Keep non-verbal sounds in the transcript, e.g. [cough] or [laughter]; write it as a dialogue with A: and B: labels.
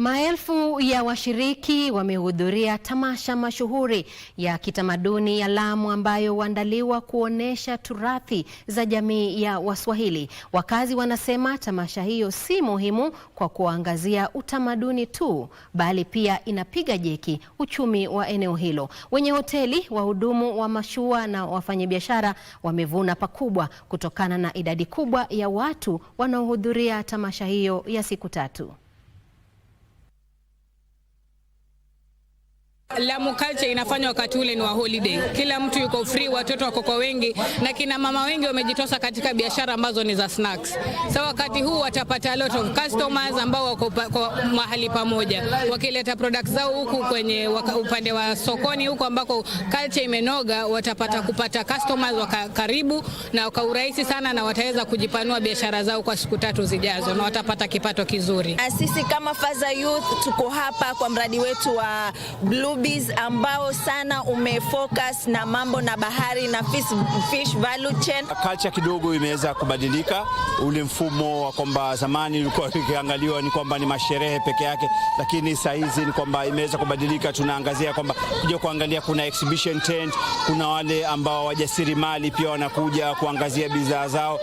A: Maelfu ya washiriki wamehudhuria tamasha mashuhuri ya kitamaduni ya Lamu ambayo huandaliwa kuonesha turathi za jamii ya Waswahili. Wakazi wanasema tamasha hiyo si muhimu kwa kuangazia utamaduni tu, bali pia inapiga jeki uchumi wa eneo hilo. Wenye hoteli, wahudumu wa mashua na wafanyabiashara wamevuna pakubwa kutokana na idadi kubwa ya watu wanaohudhuria tamasha hiyo ya siku tatu.
B: Lamu Culture inafanywa wakati ule ni wa holiday, kila mtu yuko free, watoto wako kwa wengi na kina mama wengi wamejitosa katika biashara ambazo ni za snacks. Sasa wakati huu watapata a lot of customers ambao wako kwa mahali pamoja, wakileta products zao huku kwenye waka, upande wa sokoni huku ambako culture imenoga, watapata kupata customers wakaribu na kwa urahisi sana, na wataweza kujipanua biashara zao kwa siku tatu zijazo na watapata kipato kizuri.
C: Sisi kama Faza Youth tuko hapa kwa mradi wetu wa Blue Hobbies ambao sana umefocus na mambo na bahari na fish, fish value chain.
D: Culture kidogo imeweza kubadilika, ule mfumo wa kwamba zamani ilikuwa [laughs] ikiangaliwa ni kwamba ni masherehe peke yake, lakini saa hizi ni kwamba imeweza kubadilika. Tunaangazia kwamba kuja kuangalia, kuna exhibition tent, kuna wale ambao wajasiri mali pia wanakuja kuangazia bidhaa zao.